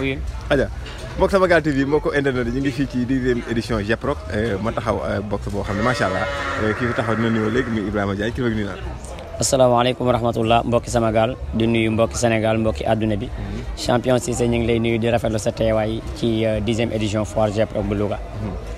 oui aja mbokk Samagal TV mbokk internet yi ngi fii ci dixième édition JEPROC eh, ma taxaw eh, box boo xam ne macha allah eh, kii fi taxaw dina nuyoo léegi muy Ibrahima Diagne kii la nuyu naa. asalaamaaleykum wa rahmatullah mbokki Samagal di nuyu mbokki Sénégal mbokki adduna bi. Mhm. champion Cissé ñu ngi lay nuyu di rafetlu sa teewaay ci dixième édition foire JEPROC bu Louga. Mhm.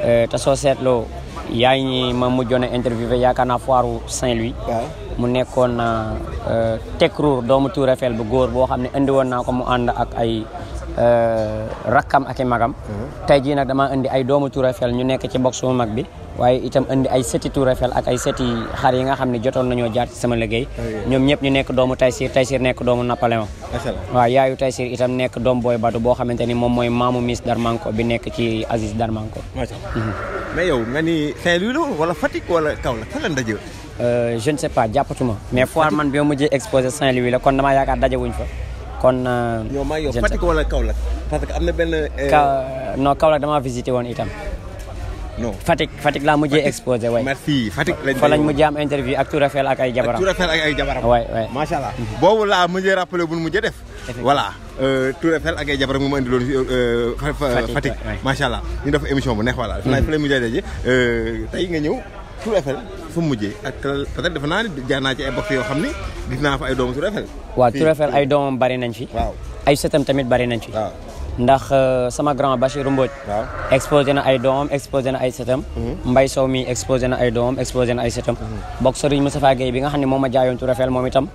Euh, te soo seetloo yaa ngi ma mujjoon a interviewé yaakaar naa foiru Saint-Louis. mu nekkoon euh, Tekruur doomu Tour Eiffel bu góor boo xam ne indi woon naa ko mu ànd ak ay euh, rakkam ak i magam. Mm-hmm. tey jii nag damaa indi ay doomu Tour Eiffel ñu nekk ci box bu mag bi. waaye itam indi ay seti Tour Eiffel ak ay seti xar yi nga xam ne jotoon nañoo jaar ci sama liggéey ah ñoom ñëpp ñu nekk doomu Taysir Taysir nekk doomu Napoléon waaw yaayu Taysir itam nekk doom booy batu boo xamante ni moom mooy maamu Miss Darmanko bi nekk ci Aziz Darmanko mhm. mais wala Fatick wala Kaolack la ndaje euh, je ne sais pas jàppatuma mais foire man bi ma mujjee exposé Saint-Louis la kon damaa yaakaar dajewuñ fa kon. Euh, yow maa yow Fatick wala Kaolack parce que am na benn. Euh, non Kaolack woon itam. non Fatick Fatick laa mujjee exposé waay merci Fatick lañ fa lañ mujjee am interview ak Tour Eiffel ak ay jabaram Tour Eiffel allah mhm. boobu laa mujjee rappelé bu nu mujjee def voilà euh, Tour Eiffel ak ay jabaram mu ma indi loolu euh, Fatick euh, macha allah ñu def émission bu neex voilà def naa fa lañ mujjee daje tey nga ñëw Tour fu mujjee ak peut-être defe naa ni jaar naa ci yoo xam ni gis naa fa ay doomu Tour Eiffel waaw ay doomam bari nañ fi waaw ay setam tamit bari nañ fi waaw ndax euh, sama grand Bachir Mbodj. waaw exposé na ay doomam exposé na ay sëtam. Mhm. Mbaye Sow mi exposé na ay doomam exposé na ay sëtam. Mhm. bokk Serigne Moustapha Gueye bi nga xam ne moom ma jaayoon Tour Eiffel moom itam.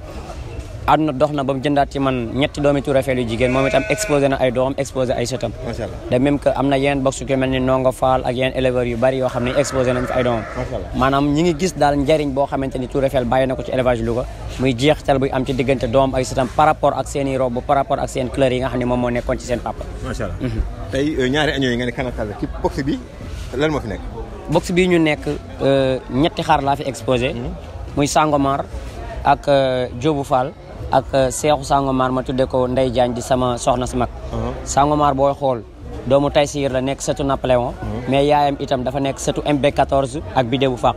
aduna dox na ba mu jëndaat ci man ñetti doomi Touré Fell yu jigéen moom itam exposé na ay doomam exposé ay Allah. de même que am na yeneen box yu mel ni nongo faal ak yeneen éleveurs yu bari yoo xam ne exposé nañ fi ay doomam maanaam ñi ngi gis daal njariñ boo xamante ni Touré Fell bàyyi na ko ci élevage Louga muy jeexital buy am ci diggante doomam ay sëtam par rapport ak seen i robe par rapport ak seen couleur yi nga xam ne moom moo nekkoon ci seen papa macha allah mhm. tey euh, ñaari añoo yi nga ne kanatal kan ci box bi lan moo fi nekk box bi ñu nekk euh, ñetti xaar laa fi exposé mhm. muy sangomar ak euh, jobu fall ak cheikh Sangomar ma tudde ko Ndey di sama soxna si mag uh-huh. Sangomar booy xool doomu Taysir la nek sëtu napoleon uh-huh. mais yaayam itam dafa nek satu MB 14 ak Bidé bu Fàq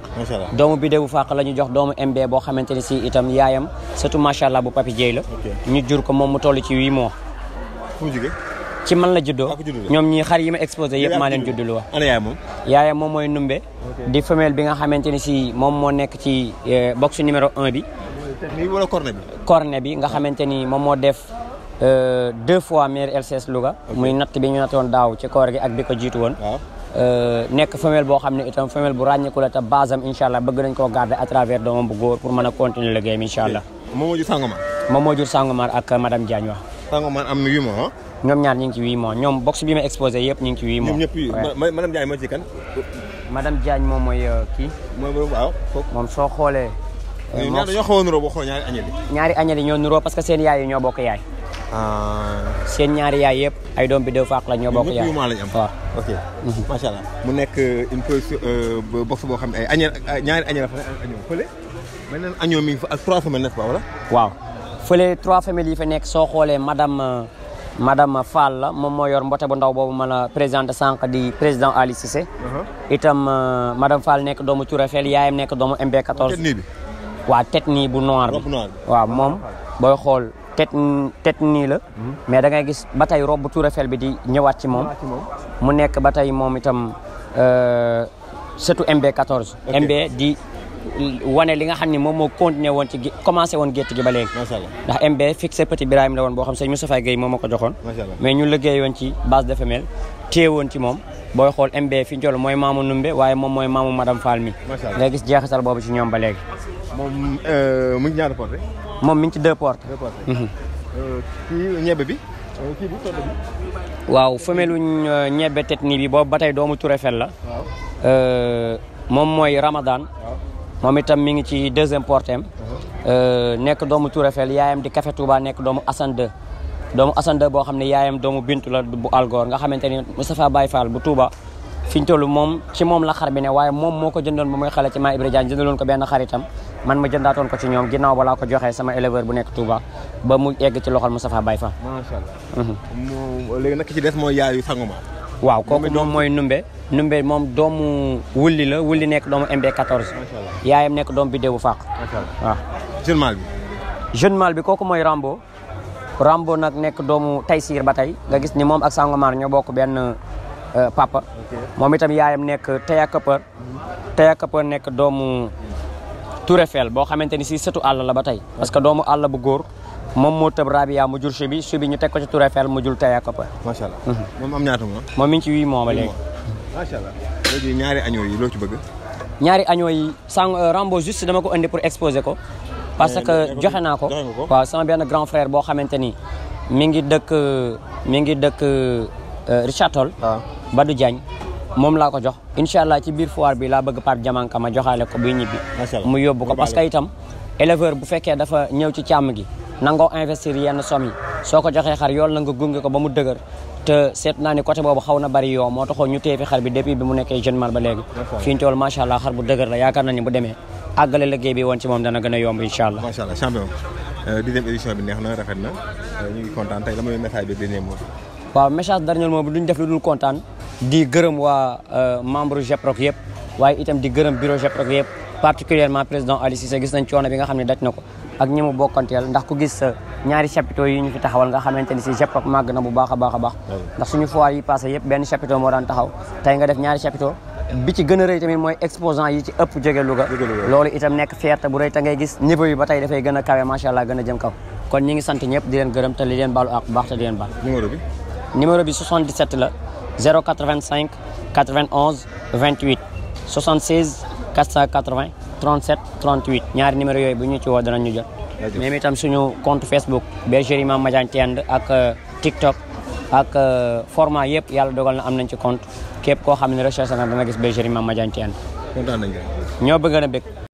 doomu Bidé bu faq lañu ñu jox doomu MB bo xamanteni ni si itam yaayam satu machallah bu Papi Jéy la ñu jur ko mom mu tollu ci 8 mois ci man la juddoo ah, ñom ñi xar yi ma exposer yépp ma leen yaay mom yaayam mom moy numbé di femelle bi nga xamanteni si moom nek ci eh, box numéro 1 bi technique wala cornet bi. bi nga xamante ni moom moo def euh, deux fois meilleur LCS Louga. muy natt bi ñu nattoon daaw ci koor ak bi ko jiitu woon. Euh, nekk femelle boo xam ne itam femelle bu ràññeeku la te base am incha allah bëgg nañ koo garder à travers doomam bu góor pour mën a continuer liggéeyam moom moo jur Sangomar. moom moo jur Sangomar ak madame Diagne wax. Sangomar am na 8 mois ah? ñoom ñaar ñu ngi ci 8 ñoom box bi ma exposé yëpp ñu ngi ci 8 mois. moo ci kan. madame moom mooy euh, kii. moom waaw soo xoolee. ñaar eh, dañoo xaw a nuroo boo xoolee ñaari añali. ñaari añali ñoo nuroo parce que seen yaay yi ñoo bokk yaay. Ah. seen ñaari yaay yëpp ay doom bi deux fois la ñoo bokk yaay. ñëpp lañ am waaw ok. macha allah mu nekk une peu box boo xam ne ay añal ñaari añal fa ne ak añoo fële. beneen añoo mi ngi fa ak trois familles n'est-ce pas wala. waaw fële trois familles yi fa nekk soo xoolee madame madame Fall la moom moo yor mbote bu ndaw boobu ma la présidente di président Ali Cissé. Uh-huh. itam eh, madame Fall nekk doomu Touré Fell yaayam nekk doomu MB14. waa tet nii bu noir bi waaw moom booy xool tet tet nii la mhm. mais da ngay gis ba tey robe Tour Eiffel bi di ñëwaat ci moom mu nekk ba tey moom itam surtout MB 14 MB di wane li nga xam ne moom moo continué woon ci commencé woon gétt gi ba léegi ndax MB fixé petit Birahim la woon boo xam sëñ Moustapha Gueye moom moo ko joxoon mais ñu liggéey woon ci base de femelle téye woon ci moom booy xool MB fi ñu mooy maamu numbe waaye moom mooy maamu madame Fall mi nga gis jeexital boobu ci ñoom ba léegi moom euh, mu ngi ñaari porte moom mi ngi ci deux portes mhm. euh, euh, moom mooy Ramadan moom itam mi ngi ci deuxième portem uh-huh. euh, nekk doomu Tour Eiffel yaayam di Café Touba nekk doomu Assane 2 doomu Assane boo xam ne yaayam doomu Bintu la bu Algor nga xamante ni Moustapha Baye Fall bu Touba fi ñu toll moom ci moom la xar bi ne waaye moom moo ko jëndoon ba muy xale ci maa Ibra Diagne jëndaloon ko benn xaritam man ma jëndaatoon ko ci ñoom ginnaaw balaa ko joxee sama éleveur bu nekk Touba ba mu egg ci loxol Moustapha Baye Fall. macha allah. Mhm. léegi nag ki ci des mooy yaayu Sangomar. waaw kooku moom mooy numbe numbe moom doomu wulli la wulli nekk doomu MB 14 yaayam nekk doom bi déewu fàq waaw jeune mâle bi jeune bi kooku mooy Rambo Rambo nag nekk doomu Taysiir ba tey nga gis ni moom ak Sangomar ñoo bokk benn euh, papa moom itam yaayam nekk Teya Kapër Teya Kapër nekk doomu Touré boo xamante ni si sëtu àll la ba tey parce que doomu àll bu góor moom moo tëb Rabia mu jur Subi Subi ñu teg ko ci Tour Eiffel mu jur Taya Kopa. macha allah mhm. moom am ñaata moom. moom mi ngi ci huit mois ba léegi. macha allah léegi ñaari agneaux yi loo ci bëgg. ñaari agneaux yi sang euh, Rambo juste dama ko indi pour exposer ko. parce que joxe naa ko waaw sama benn grand frère boo xamante ni mi ngi dëkk mi ngi dëkk euh, Richard Toll. waaw ah. Badou Diagne. moom laa ko jox incha allah ci biir foire bi laa bëgg par jamanka ma joxaale ko buy ñibbi. mu yóbbu ko parce que itam. éleveur bu fekkee dafa ñëw ci càmm gi nangoo investir yenn somme soo ko joxee xar yool na nga gunge ko ba mu dëgër te seet naa ni côté boobu xaw na bari yoo moo taxoon ñu téye fi xar bi depuis bi mu nekkee jeune mâle ba léegi fi ñu toll allah xar bu dëgër la yaakaar na ni bu demee àggale liggéey bi woon moom dana gën a yomb incha allah macha allah champion euh, bi neex na rafet na euh, ñu ngi kontaan tey la mooy message bi dernier mot waaw message dernier mot bi def lu dul kontaan di gërëm waa euh, membre GEPROC yëpp waaye itam di gërëm bureau GEPROC yëpp particulièrement président Aliou gis nañ coono bi nga xam ne daj na ko ak ñi mu bokkanteel ndax ku gis euh, ñaari chapiteaux yi ñu fi taxawal nga xamante ni si GEPROC màgg na bu baax a baax a baax ndax suñu foire yi passé yëpp benn chapiteau moo daan taxaw tey nga def ñaari chapiteaux bi ci gën a tamit mooy exposant yi ci ëpp jóge Louga loolu itam nekk fierté bu rëy te ngay gis niveau yi ba tey dafay gën a kawe allah gën jëm kaw kon ñi ngi sant ñëpp di 480 37 38 ñaari numéro yooyu bu ñu ci woo danañ ñu jot. même itam suñu compte Facebook bergerie Mame Madiagne Thiend ak euh, TikTok ak euh, format yëpp yàlla dogal na am nañ ci compte képp koo xam ne recherche na dana gis bergerie Mame Madiagne Thiend. kontaan ñoo bëgg a